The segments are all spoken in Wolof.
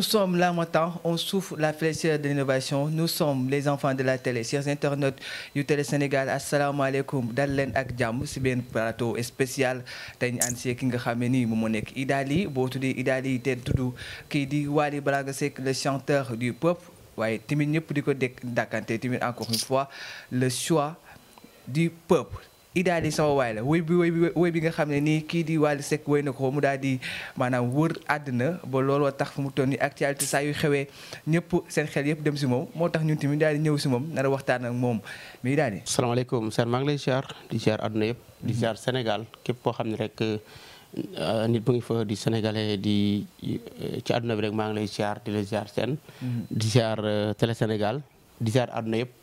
Nous sommes là maintenant on souffle la fraîcheur de l'innovation nous sommes les enfants de la télé chers internautes yu télé à asalaamaaleykum dal leen ak jàmm si benn plateau spécial te ñu ànd see ki nga xam ne nii moom moo nekk Idali boo tuddee Idali te tudd kii di Wally Ballago Seck le chanteur du peuple waaye tamit ñëpp di ko dëkk dàkkante tamit encore une fois le choix du peuple. idaal di sama waay la woy bi woy bi woy bi nga xam ne nii kii di Wally Seck woy na ko mu daal di maanaam wër àddina ba looloo tax mu toll nii actualité saa yu xewee ñëpp seen xel yëpp dem si moom moo tax ñun tamit daal di ñëw si moom nar waxtaan ak moom mais Ida di. salaamaaleykum sër maa ngi lay ziar di ziar àdduna yëpp. di ziar Sénégal képp koo xam ne rek euh, nit bu ngi fa di sénégalais di euh, ci àdduna bi rek maa ngi lay ziar di la ziar seen. Mm-hmm. di ziar euh, Télé Sénégal di ziar àdduna yëpp.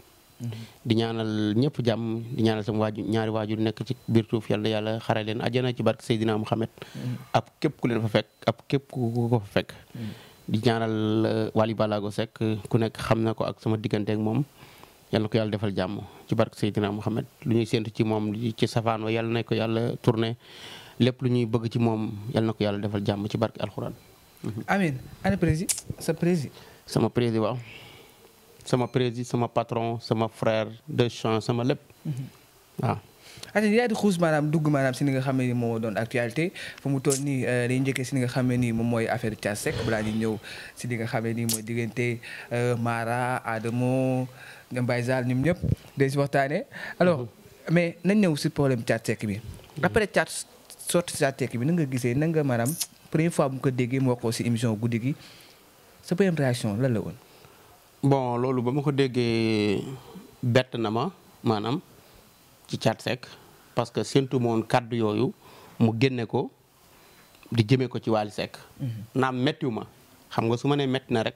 di ñaanal ñëpp jàmm di ñaanal sama waajur ñaari waajur nekk ci biir suuf yàlla yàlla xare leen àjjana ci barke Seydina Muhammad mm-hmm. ab képp ku leen fa fekk ab képp ku ko fa fekk mm-hmm. di ñaanal uh, Wally Ballago Seck ku nekk xam na ko ak sama digganteek moom yàlla ko yàlla defal jàmm ci barke Seydina Muhammad lu ñuy séntu ci moom ci safaan wa yàlla na ko yàlla tourné lépp lu ñuy bëgg ci moom yàlla ko yàlla defal jàmm ci barke alxuraan. amiin ana prési sa prési. sama prési waaw. sama président sama patron sama frère de champ sama lépp mhm. waaw ate yaa di xuus maanaam dugg maanaam si ni nga xam ne ni moo doon actualité fu mu toll nii euh, dañu si ni nga xam ne nii moom mooy affaire Thiat Seck balaa ñu ñëw si li nga xam ne nii mooy diggante euh, Mara Adamo Mbaye Zall ñoom ñëpp day si waxtaanee alors mhm. mais nañ ñëw si problème Thiat Seck bi mhm. après Thiat sorti Thiat Seck bi na nga gisee na nga maanaam première fois bu ko déggee mu wax ko si émission guddi gi sa première réaction lan la woon bon loolu ba ma ko déggee bett na ma maanaam ci Thiat Seck parce que séntu moon kàddu yooyu mu génnee ko di jëmee ko ci Wally Seck. Mhm. naam méttiwu ma xam nga su ma nee métti na rek.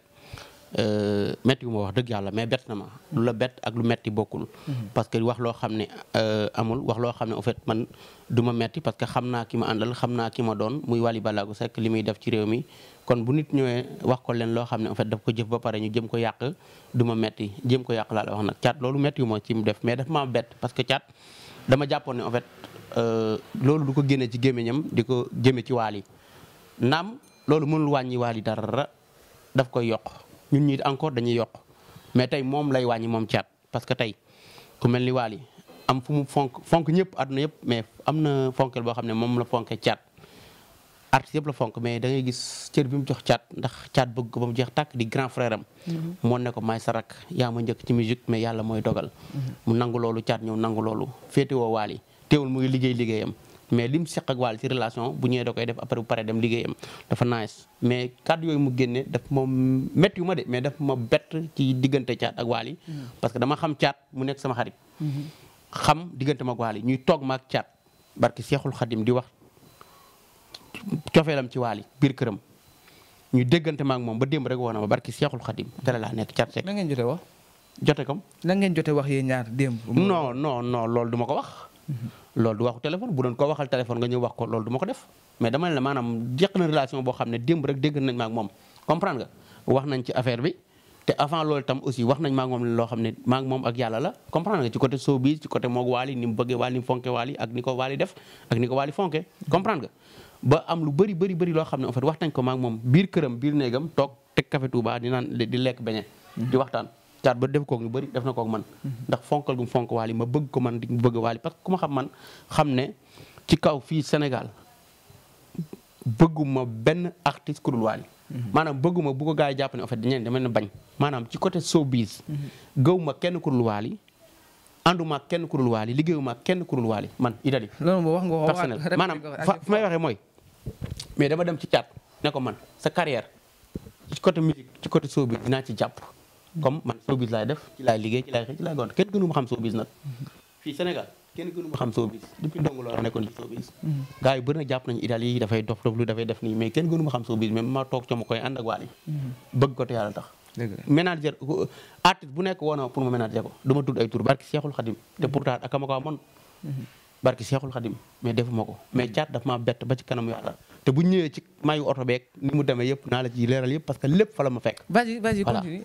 Euh, metti wu wax dëgg yàlla mais bett na ma lu la bett ak lu metti bokkul mhm. parce que wax loo xam ne euh, amul wax loo xam ne en fait man du ma metti parce que xam naa ki ma àndal xam naa ki ma doon muy Wally Ballago sekk li muy def ci réew mi kon bu nit ñëwee wax ko leen loo xam ne en daf ko jëf ba pare ñu jëm ko yàq du ma metti jëm ko yàq laa la wax nag caat loolu metti wu ci mu def mais daf maa bett parce que caat dama jàppoon ne en euh, loolu du ko génne ci gémmiñam di ko jëme ci Wally naam loolu mënul wàññi Wally dara daf koy yokk ñun ñii encore dañuy yokk mais tey moom lay wàññi moom caat parce que tey ku mel ni Wally am fu mu fonk fonk ñëpp àdduna yëpp mais am na fonkel boo xam ne moom la fonke caat artiste yëpp la fonk mais dangay gis cër bi mu jox caat ndax caat bëgg ko ba mu jeex tàkk di grand frère am mm-hmm. moo ne ko maay sarak yaa ma njëkk ci musique mais yàlla mooy dogal mm-hmm. mu nangu loolu caat ñëw nangu loolu féetewoo Wally teewul mu ngi liggéey liggéeyam mais lim seq ak Wally ci relation bu ñëwee da koy def après bu pare dem liggéeyam dafa nice mais kàddu yooyu mu génne daf ma métti yu ma de mais daf ma bett ci diggante caat ak Wally parce que dama xam caat mu nekk sama xarit xam diggante ma ak yi ñuy toog ma caat barki Seexul Xadim di wax cofeelam ci yi biir këram ñu déggante ma moom ba démb rek woon na ma barki Seexul Xadim dara laa nekk caat rek. na ngeen wax. jote kom. na ngeen jote wax yee ñaar démb. non non loolu du ko wax. loolu du waxu téléphone bu doon ko waxal téléphone nga ñëw wax ko loolu du ma ko def mais dama ne la maanaam na relation boo xam ne démb rek dégg nañ ma ak moom comprendre nga wax nañ ci affaire bi te avant lool tam aussi wax nañ ma ak moom loo xam ne ma ak moom ak yàlla la comprendre nga ci côté showbiz ci côté moog waali ni mu bëggee waali ni mu fonke waali ak ni ko waali def ak ni ko waali fonke comprendre nga ba am lu bari bëri bëri loo xam ne en wax nañ ko ma moom biir këram biir néegam toog teg café Touba di naan di lekk beñe di waxtaan caat ba def koog ñu bëri def na koog man mhm. ndax fonkal gum fonk waali ma bëgg ko man di bëgg waali parce que ku ma xam man xam ne ci kaw fii Sénégal bëgguma benn artiste ku mhm. maanaam bëgguma bu ko gaa yi jàpp ne en fait ñeen dama leen bañ maanaam ci côté showbiz mhm. gëwuma kenn ku dul waali ànduma kenn ku dul waali liggéeyuma kenn ku dul waali man Idali personnel maanaam fa may waxee mooy mais dama dem ci caat ne ko man sa carrière ci côté musique ci côté showbiz dinaa ci jàpp comme man showbiz laay def ci laay liggéey ci laay xëy ci laay gont kenn gënu ma xam showbiz nag fii Sénégal kenn gënu ma xam showbiz depuis ndongo loo nekkoon ci showbiz mm-hmm. gars yi bëri jàpp nañu Idali yi dafay dof dof lu dafay def nii mais kenn gënu ma xam showbiz même ma toog ca ma koy ànd ak waal mm-hmm. bëgg ko te yàlla tax manager artiste bu nekk woona pour ma manager ko dama tudd ay tur barki Seexul Xadim te mm-hmm. pourtant ak ma ko amoon barki Seexul ko mais caat daf maa bett ba ci kanam yàlla te bu ñëwee ci mayu oto beek ni mu demee yëpp naa la ci leeral yëpp parce que lépp fa la ma fekk. vas a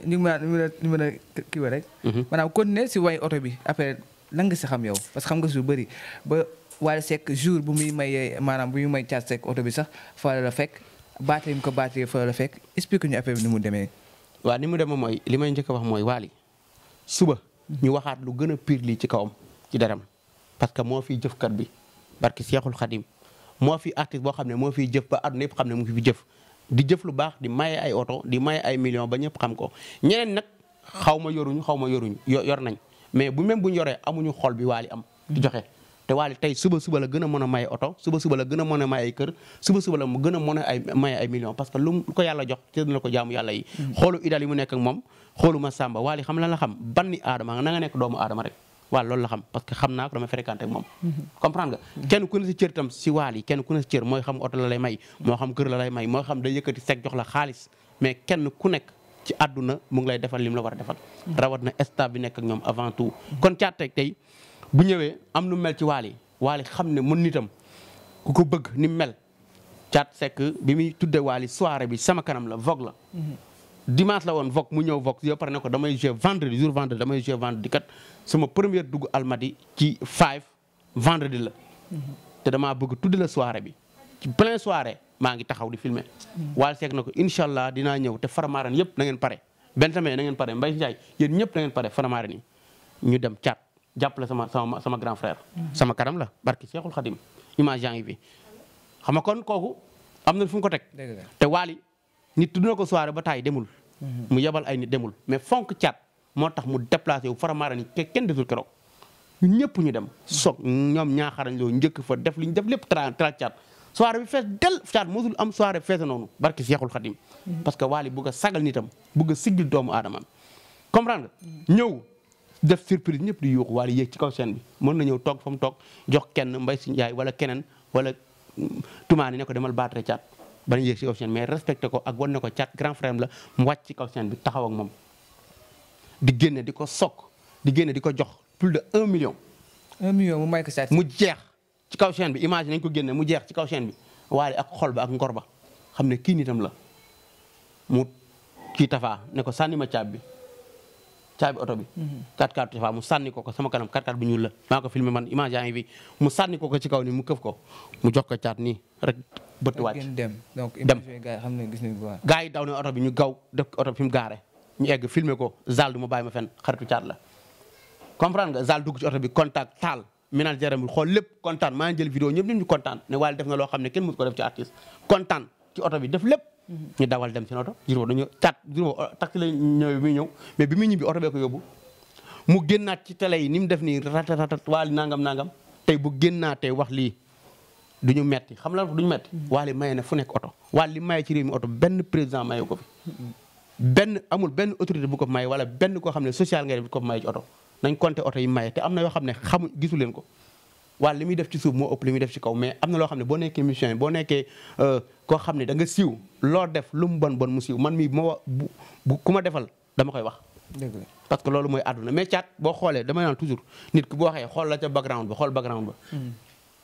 ñu mën a kii rek. Mhm. maanaam continuer si oto bi après lan nga si yow parce que nga su bëri ba Wally Seck jour bu muy may maanaam bu muy may Thiat oto bi sax fa la fekk baatee mu ko baatee fa la fekk explique ñu affaire bi ni mu demee. waaw ni mu demee mooy li may njëkk wax mooy Wally suba ñu waxaat lu gën a pire lii ci kawam ci daram parce que moo fi jëfkat bi barki Seexul Xadim moo fi artiste boo xam ne moo fi jëf ba àdduna yëpp xam ne mu fi jëf di jëf lu baax di maye ay oto di maye ay million ba ñëpp xam ko ñeneen nag xaw ma yoruñu xaw ma yoruñu yor nañ mais bu même bu ñu yoree amuñu xol bi waali am di joxe te waali tey suba suba la gën a mën a maye oto suba suba la gën a a maye ay kër suba suba mu gën a mën a ay maye ay millions parce que lu ko yàlla jox te dina ko jaamu yàlla yi mm. xoolu idaal yi mu nekk moom xooluma ma sàmba waali xam lan la xam banni aadama na nga nekk doomu aadama rek waal loolu la xam parce que xam naa ko dama fréquenté ak moom mm-hmm. comprendre nga mm-hmm. kenn ku ne si cër yi kenn ku ne si cër mooy xam oto la may moo xam kër la lay may moo xam day yëkkati seg jox la xaalis mais kenn ku nekk ci àdduna mu ngi lay defal lim la war a defal mm-hmm. rawat na staff bi nekk ak ñoom avant tout kon caatteg tey bu ñëwee am nu mel ci waal waali xam ne mën nitam ku ko bëgg ni mel caat sekk bi muy tudde waali soirée bi sama kanam la vogue la dimanche la woon Vogue mu ñëw Vogue yoo pare ne ko damay jour vendredi damay jouer vendredi kat sama première dugg Almadi ci five vendredi la. te damaa bëgg tuddi la soirée bi ci plein soirée maa ngi taxaw di filmer waal seeg na ko incha allah dinaa ñëw te faramaaren yëpp na ngeen pare benn tamit na ngeen pare Mbaye Ndiaye yéen ñëpp na ngeen pare faramaaren yi ñu dem caat jàppale sama sama sama grand frère. sama kanam la barki Seexul Xadim image yaa ngi fi xam kon kooku am na fu nit tudd na ko soirée ba taay demul. Mhm. mu yebal ay nit demul mais fonk caat moo tax mu déplacé wu faramaara ni kenn deful keroog ñëpp ñu dem soog ñoom ñaaxarañ loo njëkk fa def li ñu def lépp tra tra caat soirée bi fees del caat mosul am soirée feese noonu barki Seexul Xadim mhm. parce que waali bugg a sagal nitam bugg a siggil doomu aadama comprendre nga mhm. ñëw def surprise ñëpp di yuuxu waali yéeg ci kaw seen bi mën na ñëw toog fa mu toog jox kenn mbay si njaay wala keneen wala mm, tumaani ne ko demal baatre caat ba ñu yéeg ci mais respecté ko ak wan ne ko cat grand frère la mu wàcc ci kaw chaîne bi taxaw ak moom di génne di ko sokk di génne di ko jox plus de un million. un million mu may ko cat mu jeex ci kaw chaîne bi image nañ ko génne mu jeex ci kaw chaîne bi waaye ak xol ba ak ngor ba xam ne kii nitam la mu kii tafaa ne ko sànni ma caab bi bi oto bi. 4x4 mhm. Tafa mu sànni ko ko sama kanam 4x4 ñuul la. maa ko filmé man image yaa ngi mu sànni ko ko ci kaw ni mu këf ko mu jox ko caat nii bëtt wàcc dem gaa yi daw na oto bi ñu gaw def oto bi mu gaare ñu egg filmer ko zal du ma bàyyi ma fenn xaritu la comprendre nga zal ci oto bi contact taal ménagère am bi xool lépp kontaan maa jël vidéo ñëpp ñëpp kontaan ne waaye def nga loo xam ne kenn mësu ko def ci artiste kontaan ci oto bi def lépp mhm. ñu dawal dem seen oto juróom dañu caat juróom taxi la ñëw bi ñëw mais bi muy ñibbi oto bee ko yóbbu mu génnaat ci télé yi ni mu def nii ratatat waali nangam nangam tey bu génnaatee wax lii du ñu metti xam la du ñu metti waali maye na fu nekk oto waali li maye ci réew mi oto benn président maye ko fi benn amul benn autorité bu ko maye wala benn koo xam ne social ngay def bu ko maye oto nañ compté oto yi maye te am na yoo xam ne xamu gisuleen ko waali li muy def ci suuf moo ëpp li muy def ci kaw mais am na loo xam ne boo nekkee mission boo nekkee euh, koo xam ne da nga siiw loo def lu mu bon bon mu siiw man mii moo bu ku ma defal dama koy wax parce que loolu mooy àdduna mais boo xoolee dama naan toujours nit ki boo waxee xool la ca background ba xool background ba mm.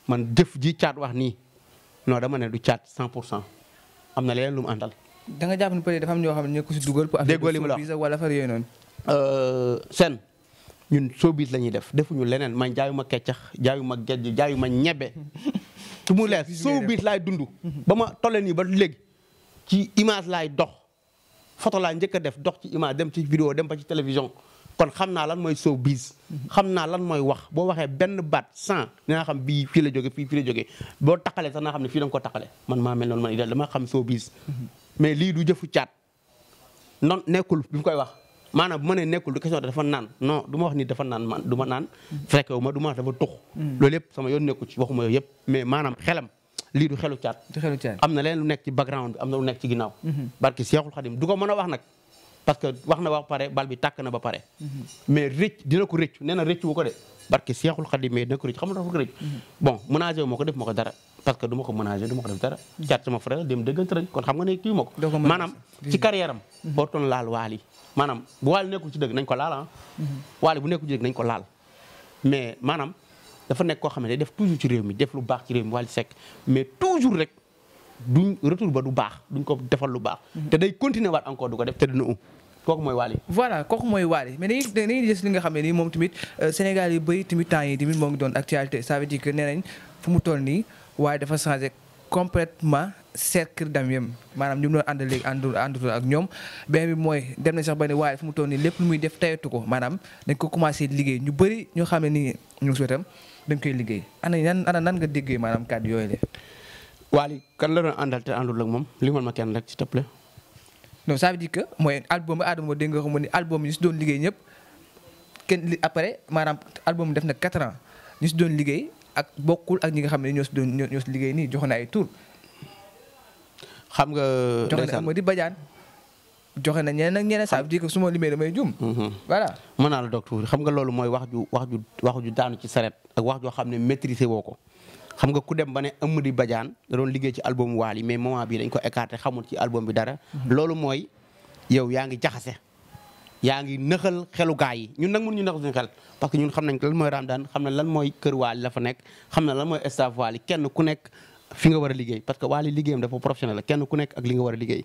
man def ji caat wax nii non dama ne du caat cent pour cent am na leneen lu mu àndal. da nga jàpp ne peut-être dafa xam ne ñoo si dugal. déggoo li mu la wax wala affaire yooyu noonu. Euh, seen ñun showbiz lañuy ñuy def defuñu leneen man jaayuma keccax jaayuma gejj jaayuma ñebe. su mu leer showbiz laay dund. ba ma tollee nii ba léegi ci image laay dox photo laa njëkk def dox ci image dem ci vidéo dem ba ci télévision. kon xam naa lan mooy sow biis xam naa lan mooy wax boo waxee benn baat san naa xam bii fii la jóge fii fii la jóge boo taqalee sax naa xam ne fii da nga ko taqale man maa mel noonu man idéal dama xam mais lii du jëfu caat non nekkul bi mu koy wax maanaam bu ma nee nekkul du question dafa naan non du ma wax ni dafa naan man du ma naan fekk ma du ma wax dafa tux loolu yëpp sama yoon nekku ci waxuma yooyu yëpp mais maanaam xelam lii du xelu caat am na leen lu nekk ci background bi am na lu nekk ci ginnaaw mhm. barki Seexul Xadim du ko mën a wax nag parce que wax na ba pare bal bi tàkk na ba pare. mais rëcc dina ko rëcc nee na rëcc wu ko de barke Seexul Xadim mais dina ko rëcc xam nga dafa ko rëcc. ma ko dara parce que du ma ko ménager du ma ko def dara. caat sama frère dem dëggante rek kon xam nga ne kii ma ko. maanaam ci carrière am. Mm-hmm. bootoon laal waal yi maanaam bu waal nekkul ci nañ ko laal ah. Mm-hmm. waal bu nekkul ci dëgg nañ ko laal mais maanaam dafa nekk koo xam ne def toujours ci réew mi def lu baax ci réew mi Wally Seck mais toujours rek. duñ retour ba du baax duñ ko defal lu baax. Mhm. te day continuer waat encore du ko def te dina um. kooku mooy Wally. voilà kooku mooy Wally mais dañuy dañuy gis nga xam ne nii moom tamit euh, Sénégal yi bëri tamit temps yi moo ngi doon actualité ça veut dire que nee nañ nii waaye dafa changé complètement cercle d'am maanaam ñu doon ànd léegi àndul àndul ak ñoom beneen bi mooy dem na sax ba ne waaye fu mu toll nii lépp lu muy def tayatu ko maanaam dañ ko commencé liggéey ñu bëri ñoo xam ne nii ñu ngi si wetam dañ koy liggéey ana nan ana nan nga déggee maanaam kàddu yooyu la. Wally kan la doon àndal te àndul ak moom limal ma kenn rek s'il te plaît. non ça veut dire que mooy album Adamo dégg nga xam ne album yi si liggéey ñëpp kenn li après maanaam album def na 4 ans ñu si doon liggéey ak bokkul ak ñi nga xam ne ñoo si doon ñoo si liggéey nii jox na ay tur. xam nga. jox na Amady Badiane joxe na ñeneen ak ñeneen ça veut dire que su ma limee damay jum. Mm-hmm. xam nga loolu mooy wax ju wax ju wax ju daanu ci saret ak wax joo xam ne maîtriser woo ko. xam nga ku dem ba ne Amady Badiane da doon liggéey ci album Wally mais moment bii dañ ko écarté xamul ci album bi dara. Mhm. loolu mooy yow yaa ngi jaxase. yaa ngi nëxal xelu gaay yi ñun nag mënuñu nax suñu xel parce que xam nañ lan mooy Ramadane lan mooy kër Wally la fa nekk xam na lan mooy staff kenn ku nekk fi nga war a liggéey parce que Wally liggéeyam dafa professionnel la kenn ku nekk ak li nga war a liggéey.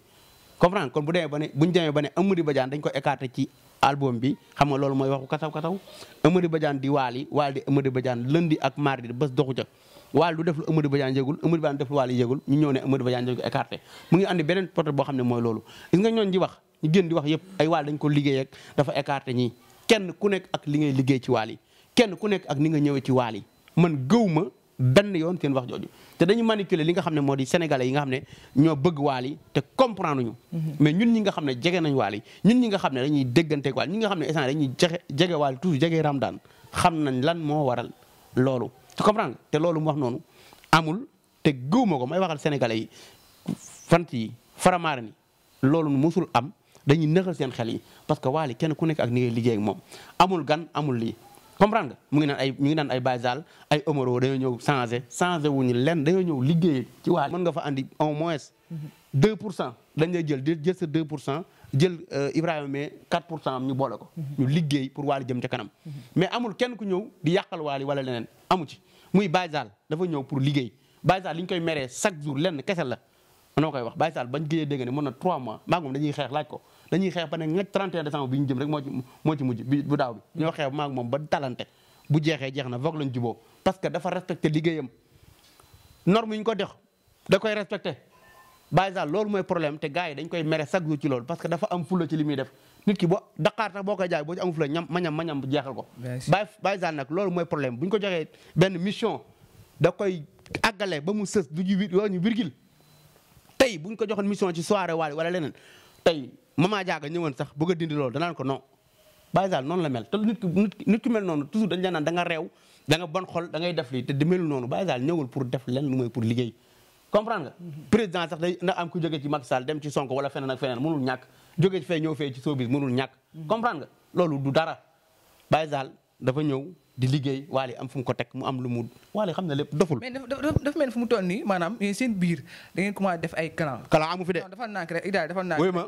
comprendre kon bu demee ba ne bu ba ne Amady Badiane dañ ko écarté ci album bi xam nga loolu mooy waxu kataw kataw Amady Badiane di Wally Wally di Amady Badiane lundi ak mardi bés doxu ca Wally du def lu Amadou Badiane yëgul Amadou Badiane def lu yëgul ñu ñëw ne Amadou Badiane dañ ko écarté mu ngi andi beneen porte boo xam ne mooy loolu gis nga ñoon di wax ñu génn di wax yëpp ay Wally dañ ko liggéey ak dafa écarté ñii kenn ku nekk ak li liggéey ci Wally kenn ku nekk ak ni nga ñëwee ci Wally man gëw ma benn yoon kenn wax jooju te dañu manipuler li nga xam ne moo di sénégalais yi nga xam ne ñoo bëgg Wally te comprendre ñu mhm. mais ñun ñi nga xam ne jege nañ Wally ñun ñi nga xam ne dañuy dégganteeg Wally ñi nga xam ne instant dañuy jege jege Wally toujours jege Ramadan xam nañ lan moo waral loolu tu comprends te loolu mu wax noonu amul te gëwuma ko may waxal sénégalais yi fant yi faramaara ni loolu musul am dañuy nëxal seen xel yi parce que waali kenn ku nekk ak ni ngay liggéey moom amul gan amul lii comprendre mu ngi naan ay mu ngi naan ay Baysal ay Omaro dañoo ñëw changé wu ñu len dañoo ñëw liggéey ci waali mën nga fa andi au moins 2 pour cent dañ lay jël jël sa 2 pour cent jël euh, Ibrahima mais 4 pour cent am ñu boole ko mhm. ñu liggéey pour waali jëm ca kanam mhm. mais amul kenn ku ñëw di yàqal waali wala leneen amu ci muy Baye dafa ñëw pour liggéey Baye Sall li ñu koy meree chaque jour lenn kese la manoo koy wax Baye Sall bañ géejee dégg ne mën na 3 mois maa moom dañuy xeex laaj ko dañuy xeex ba ne nga 31 décembre bi ñu jëm rek moo ci moo ci mujj bi bu daaw bi ñoo xeex maa moom ba talante bu jeexee jeex na vogue lañ juboo parce que dafa respecté liggéeyam norme yi ñu ko dex da koy respecté Baye Zale loolu mooy problème te gars yi dañ koy mere chaque jour ci loolu parce que dafa am fulla ci li muy def nit ki boo Dakar sax boo koy jaay boo ci am fulla ñam ma ñam ma ñam jeexal ko. Baye Baye nag loolu mooy problème bu ñu ko joxee benn mission da koy àggale ba mu sës du ji wala ñu virgule. tey bu ñu ko joxoon mission ci soirée waale wala leneen tey maman Diaga ñëwoon sax bëgg a dindi loolu danaan ko no Baye Zale noonu la mel te nit ki nit ki mel noonu toujours dañ la naan da nga réew da nga bon xol da ngay def lii te di melu noonu Baye pour def lenn lu liggéey. comprendre nga mm-hmm. président sax day na am ku jóge ci Macky saal dem ci Sonko wala feneen ak feneen mënul ñàkk jóge fee ñëw fee ci showbiz mënul ñàkk mm-hmm. comprendre nga loolu du dara Baye Zale dafa ñëw di liggéey waale am fu ko teg mu am lu mu waale xam na lépp doful. mais dafa dafa mel fu mu toll nii maanaam eh, seen biir da ngeen commencé def ay clan. clan amu fi de. dafa nànk rek Idaly dafa nànk. oui ma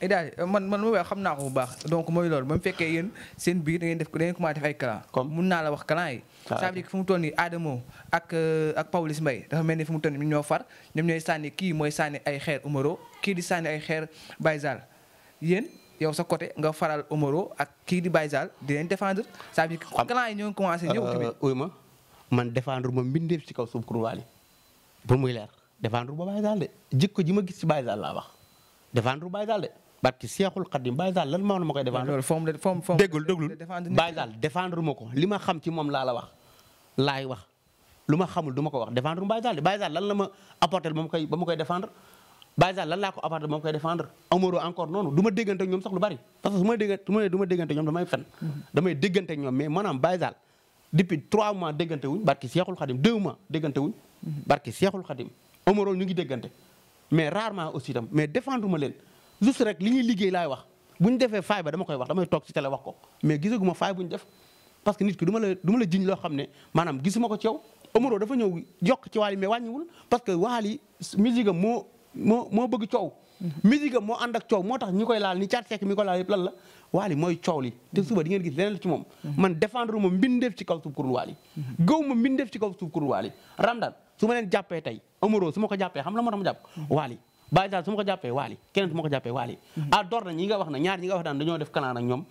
Idaly man man ma xam naa ko bu baax donc mooy ba fekkee yéen seen biir da ngeen def da ngeen commencé def ay clan. comme mun naa la wax clan yi. waaw ah, ça veut dire mu toll nii Adamo ak euh, ak Pawlish Mbaye dafa mel ni fu mu toll nii ñoo far ñoom ñooy sànni kii mooy sànni ay xeer Umaro kii di sànni ay xeer Baye Zall yow sa côté nga faral Omaro ak kii di Baye Sall di leen défendre ça veut dire yi ñoo ngi commencé ñëw tamit euh, uy ma man défendre ma mbindeef ci kaw suuf kurwaal muy leer défendre ba Baye Sall ji ma gis ci Baye Sall laa wax défendre Baye Sall de parce que Seexul Xadim Baye Sall lan moo ma koy défendre déggul déggul Baye Sall défendre ma ko li ma xam ci moom laa la wax laay wax lu ma xamul du ma ko wax défendre Baye Sall de Baye Sall lan la ma apporter ba ma koy ba ma koy défendre Baye Zale lan laa ko apporté moom koy défendre Amoro encore noonu du ma ñoom sax lu bari parce su ma déggante ñoom damay fen mm-hmm. damay déggante ñoom mais maanaam Baye Zale mm-hmm. ma leen juste rek li ñuy liggéey laay wax bu ñu defee faay ba dama koy wax damay toog ci télé wax ko mais gisaguma faay bu ñu def nit ki du la jiñ loo xam ne maanaam gisuma ko ci yow dafa ñëw yokk ci waal yi mais wàññiwul parce que waal yi am moo moo bëgg coow. Mhm. musique am moo ànd ak coow moo tax ñi koy laal ni caat sekk mi koy laal lan la waali mooy coow li te suba di ngeen gis leneen ci moom mhm. man défendre ma mbindeef ci kaw suuf kurul waali mhm. gëw ma mbindeef ci kaw suuf kurul waali ramdan su ma leen jàppee tey amoro su ma ko jàppee xam la moo tax ma jàpp waali Baye Sall su ma ko jàppee waali keneen su ma ko jàppee waali ah door na ñi nga wax na ñaar ñi nga wax daan dañoo def kalaan ak ñoom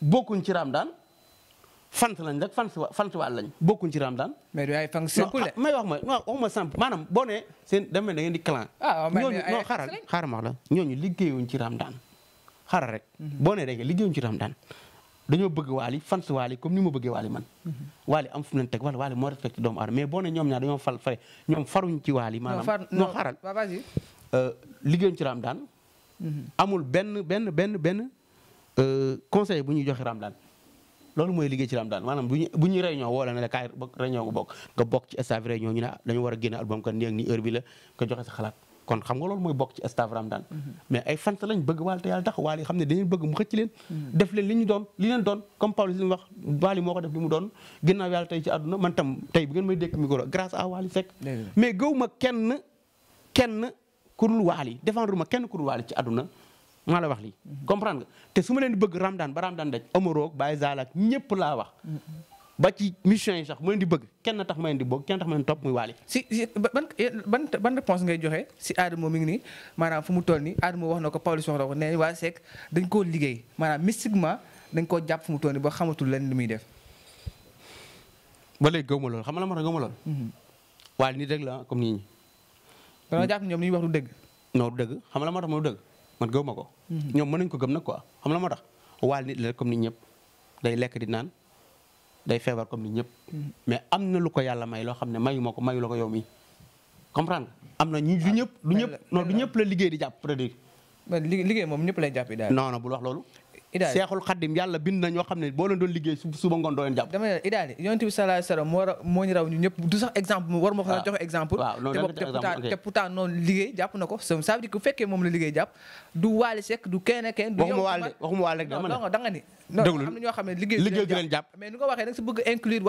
bokkuñ ci ramdan fant lañ rek fant fant waal lañ bokku ci Ramadan. mais du fan ah, may wax ma non waxuma simple maanaam boo nee seen da mel da ngeen di clan. ah ñooñu non xaaral xaaral ma la ñooñu liggéeyuñ ci Ramadan xaaral rek. Mhm. boo nee da ngeen ci Ramadan dañoo bëgg waali fans waali comme ni ma bëggee waali man mhm. waali am fu mu leen wala waali moo respecté doomu aadama mais boo ne ñoom ñaar dañoo fal fare ñoom faruñ ci waali maanaam non xaaral euh, liggéeyuñ ci Ramadan mhm. amul benn benn benn benn euh, conseil bu ñuy joxe Ramadan loolu mooy liggéey ci Ramadan maanaam bu ñu bu ñu réunion woo la ne la kaay réunion bu bokk nga bokk ci staff réunion ñu ne ah, dañu war a génne album kan nii ak nii heure nga joxe sa xalaat kon xam nga loolu mooy bokk ci staff Ramadan mm-hmm. mais ay fant lañ bëgg waal te yàlla tax waal mu mm-hmm. doon li leen doon comme Paulus li mu wax waal yi moo tey ci àdduna man tam tey bu ngeen may dékk micro grâce à waal yi Seck mais gëw ma kenn kenn ku dul waal yi défendre ma kenn ku dul waal ci adduna maa la wax lii mhm. comprendre te su ma leen bëgg Ramadane ba Ramadane daj Omaro Baye Zala ak ñëpp laa wax mhm. ba ci mission yi sax ma leen di bëgg kenn tax ma leen di bëgg kenn tax ma leen topp muy waale si ban eh, ban ban réponse ngay joxe si Adamo mi ngi nii maanaam fu mu toll nii Adamo wax na ko Pawlish wax na ko nee waa Seck dañ koo liggéey maanaam mystiquement dañ koo jàpp fu mu toll nii ba xamatul leen li muy def ba ma loolu xam nga la ma tax gëw ma loolu mhm. waaye nit rek la comme nii ñoom li wax dëgg non dëgg xam nga ma tax ma du dëgg man gëw ma ko ñoom mën nañ ko gëm nag quoi xam la moo tax waal nit la comme nit ñëpp day lekk di naan day feebar comme ni ñëpp mais am na lu ko yàlla may loo xam ne mayu ma ko mayu la ko yow mi ran am na ñu du ñëpp du ñëpp non du ñëpp la liggéey di jàpp peut-être liggéey moom ñëpp lay jàpp daal non non bul wax loolu Idaali seexul xaddim yàlla bind na ñoo xam ne boo doon liggéey suba ngoon doo moo la liggéey jàpp du waali sek du kenn kenn. du yow waxuma waali rek dama ne da nga ni. non am na ne liggéey liggéey du leen jàpp mais ni nga waxee nag si bëgg ko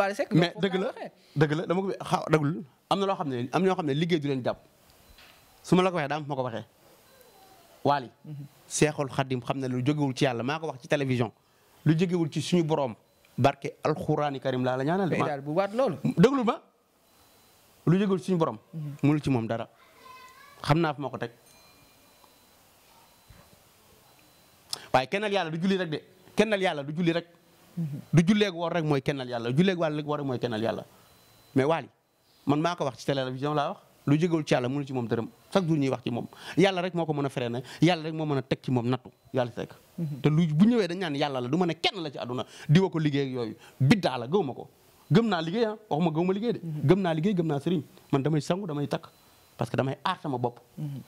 xaw xam ne am ñoo xam ne liggéey la ko waxee waali seexul xaddim xam na lu jógewul ci yàlla maako wax ci télévision lu jógewul ci suñu boroom barke alxuraani karim laa la ñaanal. day daal bu waat lool déglu ma lu jógewul suñu borom. mënul ci moom dara xam naa fu ma ko teg waaye kennal yàlla du julli rek de kennal yàlla du julli rek. du julleeg woor rek mooy kennal yàlla julleeg wàll rek woor rek mooy kennal yàlla mais waali man maa ko wax ci télévision laa wax lu jógewul ci yàlla mënul ci moom dërëm. chaque jour ñuy wax ci moom yàlla rek moo ko mën a freiné yàlla rek moo mën a teg ci moom nattu yàlla si rek mhm. te lu bu ñëwee dañ naan du ma ne kenn la ci àdduna di wa yooyu biddaa la gëw ma ko gëm naa liggéey ah waxuma gëw ma liggéey de mhm. gëm naa liggéey gëm naa sëriñ man damay sangu damay takk parce que damay aar ma bopp mhm.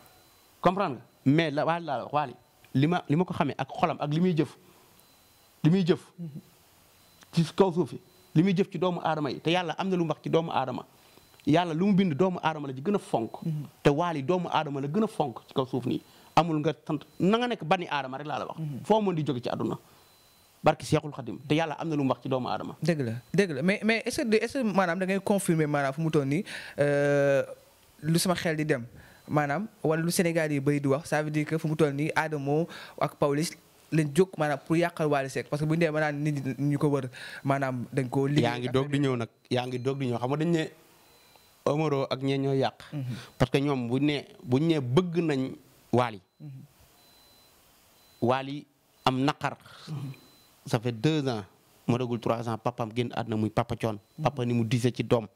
comprendre nga mais la waali laa li ma li ma ko xamee ak xolam ak li muy jëf li jëf ci kaw suuf li muy jëf ci doomu aadama yi te yàlla am na lu wax ci doomu aadama yàlla lu mu bind doomu aadama la ci gën a fonk te waali doomu aadama la fonk ci kaw suuf nii amul nga sant na nga nekk ni aadama rek laa la wax mhm. foo mën di jóge ci àdduna barki Seexul Xadim te yàlla am na lu mu wax ci doomu adama dëgg la dëgg la mais mais est maanaam da ngay confirmer maanaam fu mu toll nii euh, lu sama xel di dem maanaam wala lu Sénégal yi bëri di wax ça veut dire que fu mu toll nii Adamo ak Pawlish lañ jóg maanaam pour yàqal Wally Seck parce que bu ñu demee maanaam nit ñi ñu ko wër maanaam dañ koo liggéey yaa ngi doog di ñëw nag yaa ngi doog di ñëw xam dañ ne Omaro ak ñee ñoo yàq. Mhm. parce que ñoom bu ne bu ñu bëgg nañ Wally. Mhm. Wally am naqar. Mhm. ça fait deux ans moo dagul trois ans papaam génn àdduna muy papa coon papa ni mu diise ci doom.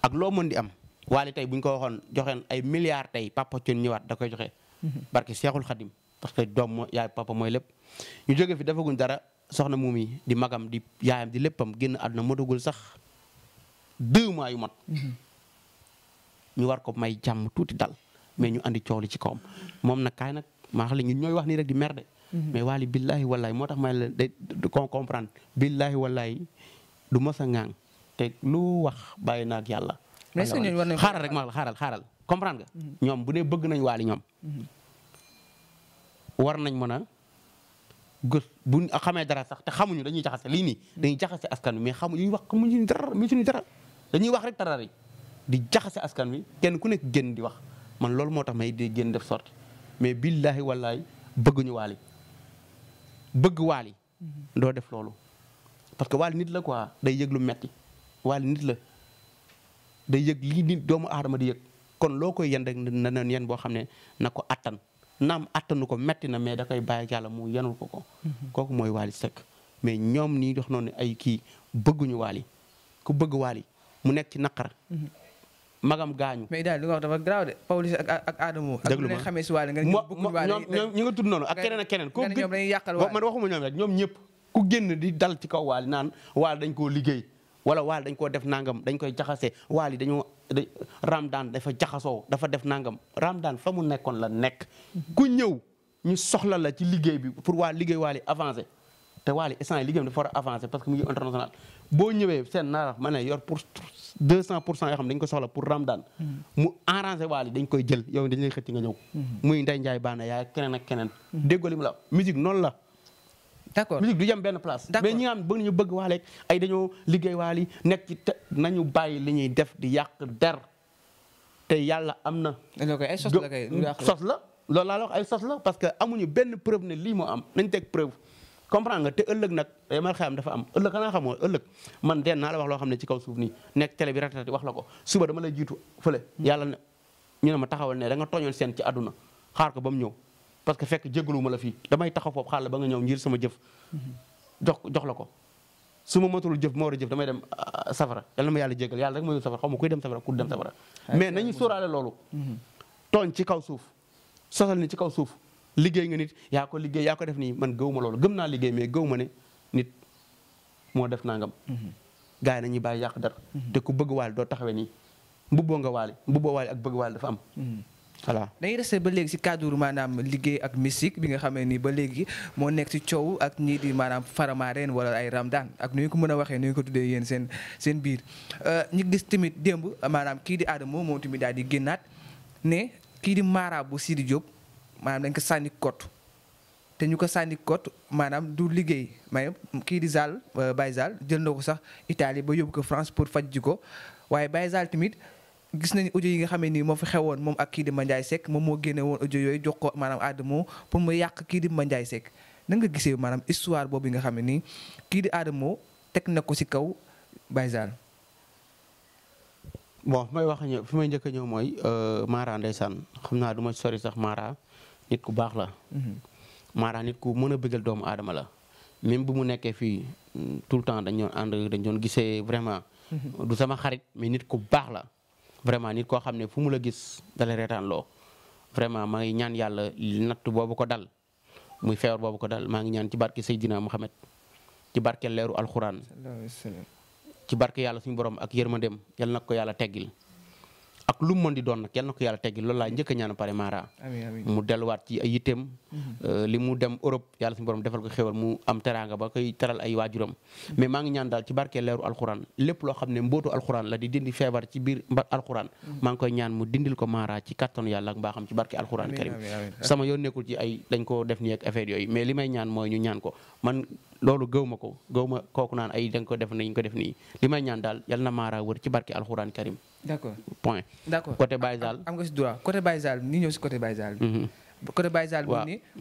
ak loo mën di am Wally tey buñ ko waxoon joxeen ay milliards tey papa coon ñëwaat da koy joxe. barke Seexul Xadim parce que doom moo yaay papa mooy lépp ñu joge fi defaguñ dara soxna Moumy di magam di yaayam di léppam génn àdduna moo dagul sax deux mois yu mat. ñu war ko may jàmm tuuti dal mais ñu andi coow li ci kawam moom na kaay nag maa xam ne ñooy wax nii rek di merde. Mhm. mais waali billahi wallahi moo tax may la day kon comprendre billahi wallahi du mos a ŋaang te lu wax bàyyi na ak yàlla. mais est war nañu xaaral rek ma la xaaral xaaral comprendre mhm. ñoom bu dee bëgg nañ waali ñoom. Mhm. war nañ mën a gës bu xamee dara sax te xamuñu dañuy jaxase lii nii dañuy jaxase askan wi mais xamuñu wax xamuñu dara mi suñu dara dañuy wax rek tarari di jaxase askan wi kenn ku nekk génn di wax man loolu moo tax may di génn def sorte mais billaahi wallaahi bëgguñu waali bëgg waali mhm. doo def loolu parce que waali nit la ko day yëg metti waali nit la day yëg lii nit doomu aadama di yëg kon loo koy yen rek na nen yen boo xam ne na ko àttan naam attanu ko metti na mais da koy bàyyi yàlla mu yenul ko ko mhm. kooku mooy waali sekk mais ñoom nii dox noonu ay kii bëgguñu waali ku bëgg waali mu nekk ci naqar mhm. magam gaañu. mais Idaly nga wax ma ak xamee si waale nga. ñoom ñoom ñi nga tudd noonu ak keneen ak keneen. nga ne ñoom waxuma ñoom rek ñoom ñëpp. ku génn di dal ci kaw waali naan waal dañ koo liggéey wala waal dañ koo def nangam dañ koy jaxase waal yi dañoo Ramadane dafa jaxasoo dafa def nangam Ramadane fa mu nekkoon la nekk. ku ñëw ñu soxla la ci liggéey bi pour waa liggéey waali avancé te waali instant yi liggéeyam dafa war a avancé parce international boo ñëwee seen naarax ma ne yor pour deux cent pour cent yoo xam dañ ko soxla pour ramadan mu arrangé waali dañ koy jël yow dañ lay xëcc nga ñëw muy Ndeye Ndiaye Bane yaay keneen na keneen déggoo li mu la musique noonu la d'accord musique du yem benn place mais ñi nga xam bëgg ñu bëgg waaleeg ay dañoo liggéey waali nekk ci te nañu bàyyi li ñuy def di yàq der te yàlla am na sos la loolu laa ay sos la parce que amuñu benn preuve ne lii moo am nañ teg preuve comprendre nga te ëllëg nag yamal eh, xayam dafa am ëllëg xanaa xamoo man den naa la wax loo xam ne ci kaw suuf nii nekk télé bi ratati wax la ko suba dama lay jiitu fële yàlla ne ne ma taxawal ne da nga tooñoon seen ci àdduna xaar ko ba mu ñëw parce que fekk jégaluwuma la fii damay taxaw foofu xaar ba nga ñëw ngir sama jëf jox jox la ko su matul jëf ma war a jëf damay dem ah, ah, safara yal na ma yàlla jégal yàlla rek ma xaw ma kuy dem safara ku dem safara mais nañu sóoraale loolu ci kaw suuf sosal ni ci kaw suuf liggéey nga nit yaa ko liggéey yaa ko def nii man gëw ma loolu gëm naa liggéey mais gëw ma ne nit moo def nangam. Mhm. gars yi nañuy ba yàq dara. Mhm. te ku bëgg waali doo taxawee nii mbubboo nga waali mbubboo waali ak bëgg waali dafa am. Mhm. voilà dañuy resté ba léegi si cadre maanaam liggéey ak musique bi nga xamee nii ba léegi moo nekk ci coow ak ñii di maanaam Faramareen wala ay Ramdan ak nu ñu ko mën a waxee nu ko tuddee yéen seen seen biir. Euh, ñu gis tamit démb maanaam kii di Adamo moom tamit daal di génnaat ne kii di Mara bu Sidi Diop maanaam dañ ko sànni kott te ñu ko sànni kott maanaam du liggéey may kii di Zal euh, Baye Zal jël na ko sax itali ba yóbbu ko France pour faj ji ko waaye Baye Zal tamit gis nañu audio yi nga xam ne nii moo fi xewoon moom ak kii di Mandiaye Seck moom moo génne woon audio yooyu ko maanaam Adamo pour mu yàq kii di Mandiaye Seck nan nga gisee maanaam histoire boobu nga xam ne nii kii di Adamo teg na ko si kaw Baye Zal. bon may wax fu may njëkk a ñëw mooy euh, Mara ndeysaan xam naa du ma sori sax Mara nit ku baax la. Mhm. maanaam nit ku mën a bëggal doomu aadama la même bu mu nekkee fii mm, tout le temps dañ doon ànd dañ doon gisee vraiment. Mhm. du sama xarit mais nit ku baax la. vraiment nit koo xam ne fu mu la gis dala reetaan loo vraiment maa ngi ñaan yàlla natt boobu ko dal muy feewar boobu ko dal maa ngi ñaan ci barke Seydina Mohamed ci barke leeru alxuraan. ci barke yàlla suñu borom ak yërmandeem yal na ko yàlla teggil. ak lu mu mën di doon nag yal na ko yàlla teggi loolu laa njëkk a ñaan pare Mara mu delluwaat ci ay yitteem mhm. euh, li mu dem Europe yalla suñu borom defal ko xéwal mu am teraanga ba koy teral ay waajuram mhm. mais maa ngi ñaan daal ci barke leeru alxuraan lépp loo xam ne mbootu alxuraan la di dindi feebar ci biir mbar alxuraan mhm. maa ngi koy ñaan mu dindil ko maara ci kattanu yàlla ak mbaaxam ci barke alxuraan karim sama yoon nekkul ci ay dañ ko def nii ak affaire yooyu mais li may ñaan mooy ñu ñaan ko man loolu gëw ma ko gëw ma kooku naan ay dañ ko def nii ko def nii li may ñaan daal yal na Mara wër ci barke alxuraan karim d'accord point. d'accord côté ah, ah, am nga si droit côté Baye Zall ñu si côté Baye mhm.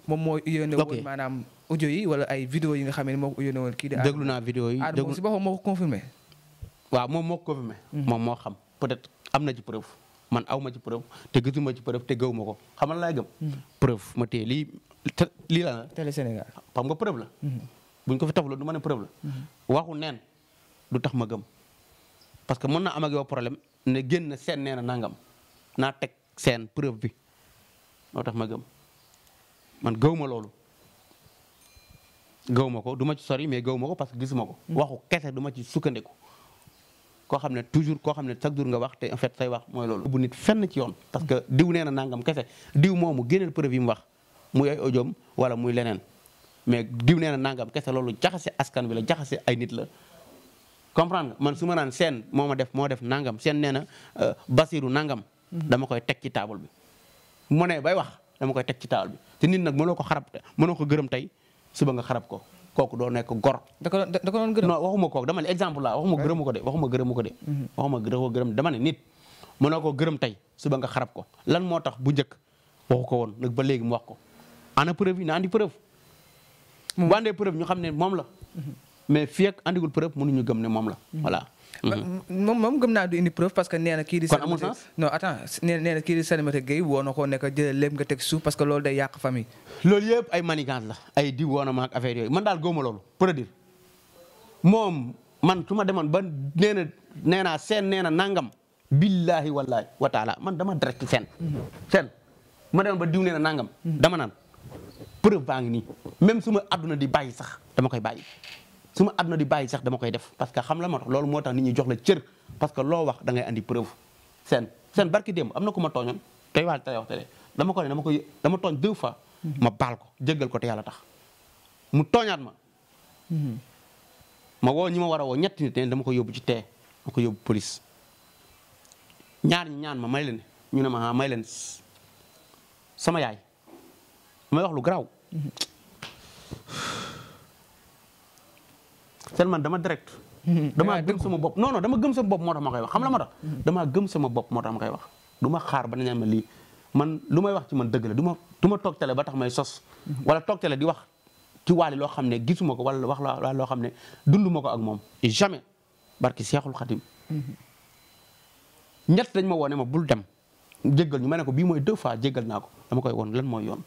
moom moo yónnee maanaam audio yi wala ay vidéo yi nga xam ne moo ko yónnee woon kii di. déglu naa vidéo yi déglu moom si boppam moo ko confirmé. waaw moom moo ko confirmé. Mhm. moom moo xam peut-être am na ci preuve. man aw ma ci preuve te gisuma ci preuve te gëwuma ko xamal laay mhm. preuve ma téye lii la. Télé Sénégal xam nga preuve la. buñ ko fi tafaloo du ma ne preuve la. waxu neen du tax ma gëm parce que mën na am ak problème ne génn seen nee nangam naa teg seen preuve bi moo tax ma gëm man gëw ma loolu gëw ma ko du ma ci sori mais gëw ma ko parce que gisuma ko mm. waxu kese duma ci sukkandiku koo xam ne toujours koo xam ne chaque jour nga wax te en fait say wax mooy loolu bu nit fenn ci yoon parce que diw nee na nangam kese diw moomu génneel preuve yi mu wax muy ay audio wala muy leneen mais diw nee na nangam kese loolu jaxase askan bi la jaxase ay nit la comprendre nga man su ma naan seen moo ma def moo def nangam seen nee na euh, basiru nangam. dama koy teg ci taabul bi. mu ne bay wax dama koy teg ci table bi te nit nag mënoo ko xarab mënoo ko gërëm tey suba nga xarab ko kooku doo nekk gor. da ko da ko doon gërëm non waxuma kooku dama ne exemple la waxuma gërëmu ko de waxuma gërëmu ko de. Mhm. waxuma gërëm dama ne nit mënoo ko gërëm tey suba nga xarab ko lan moo tax bu njëkk waxu ko woon nag ba léegi mu wax ko ana preuve yi na andi preuve. mu andee preuve ñu xam ne moom la. Mhm. mais fii ak andigul preuve mënuñu gëm ne moom la mm-hmm. voilà. Mm-hmm. moom moom gëm naa du indi preuve parce que nee na kii di. kon amul sens non attends ko nekk jëlee lépp nga teg suuf parce que loolu day yàq loolu yëpp ay manigance la ay di woon na ma man daal góoma loolu pour dire moom man su ma demoon ba nee na nee naa seen nee na nangam. billahi wallahi wa taala man dama direct seen. Mm-hmm. seen ma demoon ba diw nee na nangam. dama naan preuve baa ngi nii même suma ma di bàyyi sax dama koy bàyyi. su ma àdduna di bàyyi sax dama koy def parce que xam la moo tax loolu moo tax nit ñi jox la cër parce que loo wax da ngay andi preuve seen seen barki démb am na ku ma tooñoon tey waal tey wax dama ko ne dama koy dama tooñ deux fa ma baal ko jéggal ko te yàlla tax mu tooñaat ma ma woo ñi ma war a woo ñetti nit dama ko yóbbu ci tee ma ko yóbbu police ñaar ñaan ma may leen ñu ne ma ah may leen sama yaay may wax lu garaaw seen man dama direct. dama gëm sama bopp non dama gëm sama bopp moo tax ma koy xam la moo tax. Mm-hmm. dama gëm sama bopp moo tax koy wax du xaar ba na ne ma lii man lu may wax ci man dëgg la du ma ma toog ba tax may sos. Mm-hmm. wala toog télé di wax ci waali loo xam ne gisuma ko wala wax la loo xam ne dunduma ko ak moom jamais barki Seexul Xadim. Mm-hmm. ñett dañ ma woone ma bul dem jéggal ñu ma ne ko bii mooy deux fois jéggal naa ko dama koy won lan mooy yoon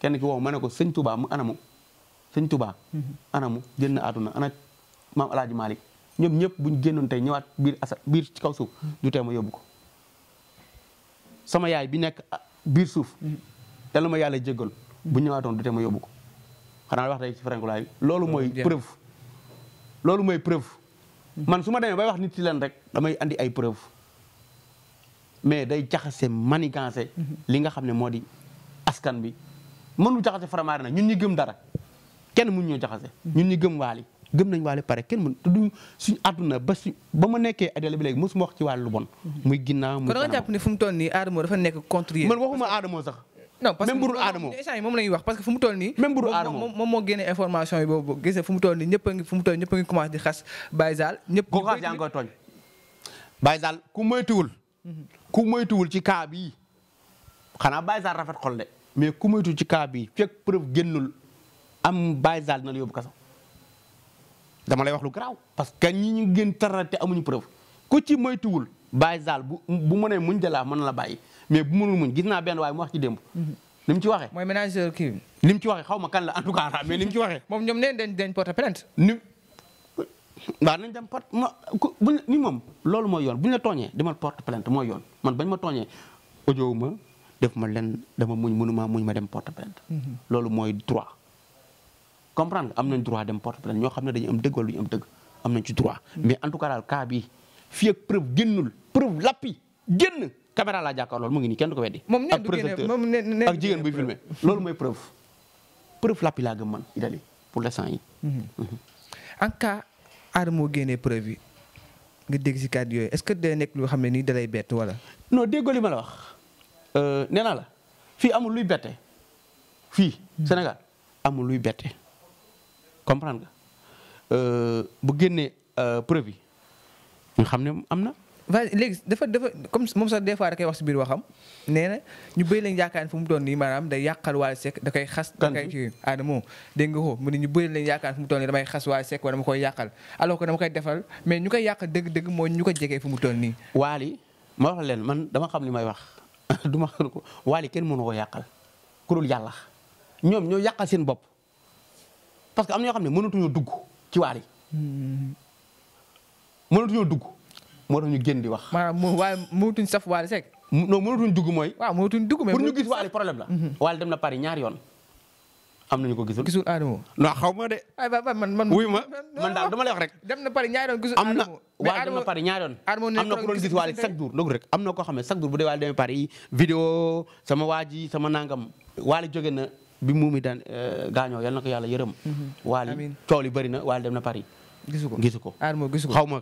kenn ki wow ma ne ko sëñ Touba mu anamu sëñ Touba. anamu génn àdduna ana maam alaaji ñoom ñëpp buñ génnoon tey ñëwaat biir asa biir ci kaw suuf du tee ma yóbbu ko sama yaay bi nekk biir suuf yàlla ma yàlla jéggal bu ñëwaatoon du tee ma yóbbu ko xanaa wax tey ci frankulaay bi loolu mooy preuve loolu mooy preuve man su ma demee bay wax nit ci leen rek damay andi ay preuve mais day jaxase manigancé li nga xam ne moo di askan bi mënul jaxase faramaare na ñun ñi gëm dara kenn mënu ñoo jaxase ñun ñi gëm waali gëm nañ waale pare kenn mën te duñ suñ àdduna ba su ba ma nekkee adela bi léegi mosuma wax ci wàllu lu bon muy ginnaaw muy kon da nga jàpp ne fu mu toll nii Adamo dafa nekk contre yéen man waxuma Adamo sax non parce que même budul Adamo échange moom la ñuy wax parce que fu mu toll nii même budul Adamo moom moo génne information yi boobu gis nga fu mu toll nii ñëpp a ngi fu mu toll ñëpp a ngi commencé di xas Baye Zal ñëpp ko xas yaa ngi koy tooñ Baye Zal ku moytuwul ku moytuwul ci cas bii xanaa Baye Zal rafet xol de mais ku moytuwul ci cas bii fekk preuve génnul am Baye Zal dina la yóbbu kaso dama lay wax lu garaaw parce que ñi ñu gën tara te amuñu preuve ku ci moytuwul bàyyi zaal bu bu mënee muñ jalaa mën la bàyyi mais bu mënul muñ gis naa benn waaye mu wax ci démb li mm-hmm. mu ci waxee mooy ménageur kii li mu ci waxee xaw ma kan la en tout cas mais li mu ci waxee moom ñoom neen dañ dañ porte plainte nañ dem porte ma buñ ni moom loolu mooy yoon bu ñu la tooñee demal port plainte mooy yoon man bañ ma tooñee audio ma def ma len dama muñ mënumaa muñ ma dem porte plainte mm-hmm. loolu mooy droit comprendre am nañ droit dem porte plainte ñoo xam ne dañu am dëgg wala duñu am dëgg am nañ ci droit mais en tout cas daal cas bi fii ak preuve génnul preuve lappi génn mu ngi nii kenn du ko weddi ak projecteur ak jigéen buy filmé loolu mooy preuve preuve lappi laa gëm man idali pour l'instant yi mm-hmm. en cas Adama moo génnee preuve nga dégg si kàddu yooyu est-ce que day nekk loo xam ne nii dalay bett wala non déggoo li ma la wax euh, nee la fii amul luy bette fii mm-hmm. Sénégal amul luy bette comprendre nga euh, bu génnee euh, preuve yi xam ne am na. va léegi dafa dafa comme moom sa des fois da koy wax si biir waxam nee na ñu bëri lañ yaakaar ne fu mu toll nii maanaam day yàqal Wally Seck da koy xas. da koy kii Adamo dégg nga ko mu ne ñu bëri lañ yaakaar ne fu mu toll nii damay xas Wally Seck wala dama koy yàqal alors que dama koy defal mais ñu koy yàqal dëgg-dëgg mooy ñu ko jegee fu mu toll nii. Wally ma wax leen man dama xam li may wax du ma xam ko Wally kenn mënu ko yàqal ku dul yàlla ñoom ñoo yàqal seen bopp. parce que am na ñoo xam ne mënatuñoo dugg ci waar yi. mënatuñoo dugg moo tax ñu génn di wax. maanaam moom waaye mënatuñ saf Wally Seck. non mënatuñ dugg mooy. waaw mënatuñ dugg mais pour ñu gis Wally problème la. Mhm. Wally dem na Paris ñaari yoon. am nañu ko gisul gisul Adamo. non xaw ma de. ay ba man man wuy ma man daal dama lay wax rek. dem na Paris ñaari yoon gisul Adamo. am na waaye dem na Paris ñaari yoon. Adamo am na ku doon gis Wally chaque jour loolu rek am na koo xam ne chaque jour bu dee Wally demee Paris vidéo sama waa ji sama nangam Wally jóge na bi muumi daan euh, gaañoo yal na ko yàlla yërëm. Mhm. waali coow li bëri na waali dem na Paris. gisu ko gisu ko Adama gisu xaw ma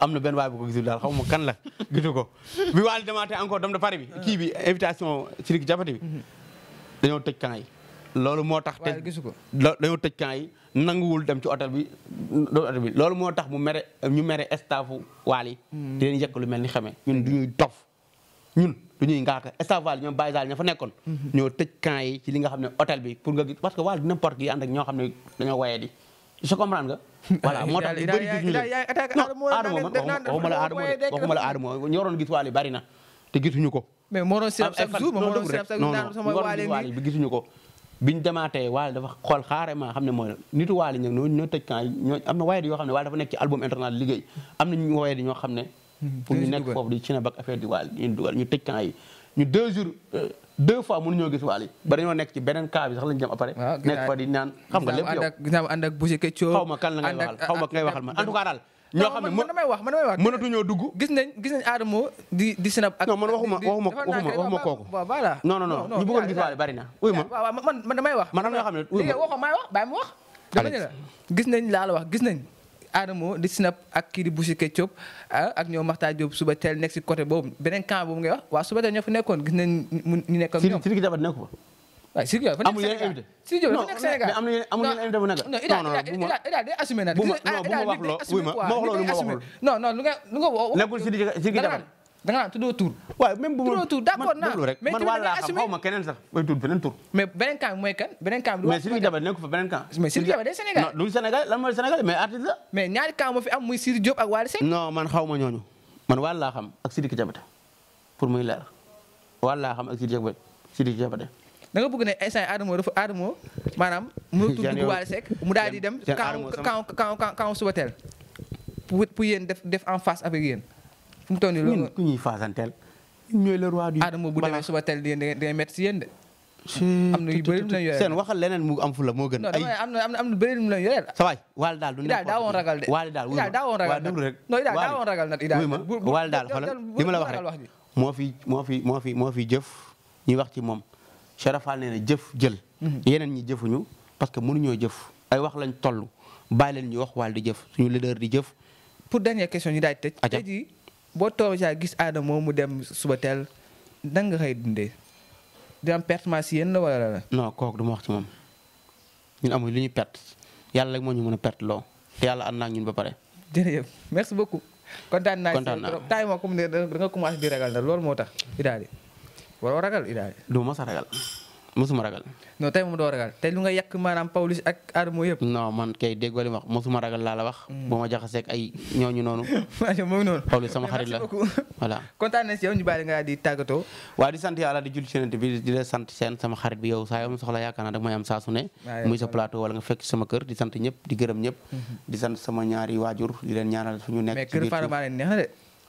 am na benn waay bu ko gisul daal xaw ma kan la gisu ko. bi waali demaatee encore dem na pari bi ah. kii bi invitation Sidiki Diabaté bi. Mhm. dañoo tëj kan yi. loolu moo tax te gisu ko dañoo tëj kan yi nanguwul dem ci hôtel bi hôtel bi loolu moo tax mu mere ñu mere staffu waali. Mhm. di leen yekk lu mel ni xamee ñun du ñuy tof ñun. du ñuy ngaaka staff Waly ñoom Baye Sall ña fa nekkoon ñoo tëj camp yi ci li nga xam ne hôtel bi pour nga gis parce que Waly n'importe qui ànd ak ñoo xam ne dañoo wayee di je comprends nga voilà moo tax bëri gis ñu leen waxuma la Adamo waxuma la Adamo ñu waroon gis Waly bari na te gisuñu ko mais moo doon sirab chaque jour moo doon sirab chaque jour daan sama Waly Waly bi gisuñu ko biñ demaatee Waly dafa xool xaarement xam ne mooy nitu Waly ñag ñoo ñoo tëj camp yi ñoo am na wayee di yoo xam ne Waly dafa nekk ci album international liggéey am na ñu wayee di ñoo xam ne Hmm, pour ñu nekk foofu di ci na bak di waal ñu tëj camp ñu deux jours euh, deux fois mënuñoo gis ba dañoo nekk ci beneen cas bi sax lañu jëm après ah, nekk fa di naan xam ñoo wax man damay wax mënatuñoo dugg gis nañ gis nañ aadama di bari na man man damay wax man am ñoo xam wax bàyyi mu wax dama la gis nañ laa la wax gis nañ Adamo di Snap ak kii di Bouchike Diop ah, ak ñoom Makhtar Diop suba teel nekk si côté boobu bene camp boobu ngay wax waa suba teel ñoo fa nekkoon gis nañ ñu nekk ak ñoom. Sidiki Diabat nekk fa. waaw Sidiki Diabat fa nekk Sénégal Sidiki Diabat fa nekk Sénégal non mais am na yeneen invité bu nekk. non Ida Ida Ida day assumé nag. bu ma da ngaa tuddoo tur. waaw même bu ma tuddoo d'accord naa mais man wàll laa xam ma keneen sax mooy tur beneen tur. mais beneen camp mooy kan beneen camp. mais Sidiki Diaba nekk fa beneen camp. mais Sidiki Diaba day Sénégal. non la. mais ñaari camp fi am muy Sidi Diop ak Wally Seck. non man xaw ma ñooñu man wàll laa xam ak Sidiki Diaba pour muy leer wàll laa xam ak Sidiki Diaba Sidiki Diaba da nga bëgg ne instant Adamo dafa Adamo maanaam. mu tudd bu Wally Seck mu daal di dem. seen Adamo sama camp camp camp suba yéen def def en face avec yéen fu mu toll nii loolu ku ñuy faasanteel. ñooy le roi du Adama bu demee suba teel di ngeen si yéen de. seen waxal leneen mu am fu la moo gën. ay am na am na bëri mu leen yoreel. sa waay waal daal du nekk daawoon ragal waal daal wuyu daawoon ragal nag rek. non Idaal daawoon ragal nag daal xoolal ma la wax rek moo fi moo fi moo moo fi jëf ñuy wax ci moom Sharafal nee na jëf jël. yeneen ñi ñu parce que mënuñoo jëf ay wax lañ toll bàyyi leen ñu wax waal di jëf suñu leader di jëf. pour dernière question ñu daal di tëj. boo toog saa gis aadama mu dem suba teel nan nga xëy dundee di am perte ma si yéen la wala la. non kooku du ma wax ci moom ñun amul lu ñu perte yàlla rek moo ñu mën a pert loo te yàlla ànd naa ñun ba pare. jërëjëf merci beaucoup. kontaan naa kontaan naa taay ma comme da nga commencé di ragal na loolu moo tax. Idaali waroo ragal Idaali. du ma sa ragal. mosuma ragal. non tey moom doo ragal tey lu nga yàq maanaam Pawlish ak Adamo yëpp. non man kay déggoo li mosuma ragal laa la wax. Mm. bu ma jaxaseeg ay ñooñu noonu. maanaam sama xarit la voilà. kontaan na si yow ñu bàyyi nga di tàggatoo. waa di sant yàlla di jull ci nent bi di la sant seen sama xarit bi yow saa yoo ma soxla yaakaar naa dag am saa ne. muy sa plateau wala nga fekk sama kër di sant ñëpp di gërëm ñëpp. Mm-hmm. di sant sama ñaari waajur di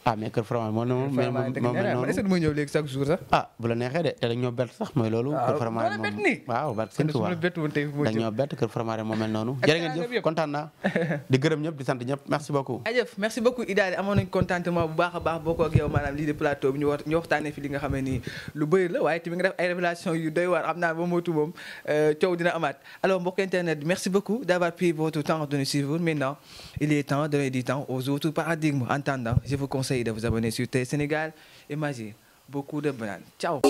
ah mais kër Faramaay moo ne moom. mais moom noonu est-ce que mooy ñëw léegi chaque jour sax. ah bu la neexee de te dañ ñoo bett sax mooy loolu. Ah, kër Faramaay moom waaw barke sëñ Tuubaa dañ ñoo bett kër Faramaay moom mel noonu. jërë ngeen jëf kontaan naa di gërëm ñëpp di sant ñëpp merci beaucoup. ajëf merci beaucoup Idaly amoon nañ contentement bu baax a baax boo ko ak yow maanaam lii de plateau bi ñu wax ñu waxtaanee fi li nga xam ne nii lu bëri la waaye tamit nga def ay révélation yu doy waar xam naa ba mootu moom euh, coow dina amaat alors mbokk internet merci beaucoup d'avoir pris votre temps de nous suivre maintenant il est temps de donner du temps aux autres paradigmes en attendant je vous conseille conseille de vous abonner sur Télé Sénégal et Magie. Beaucoup de bananes. Ciao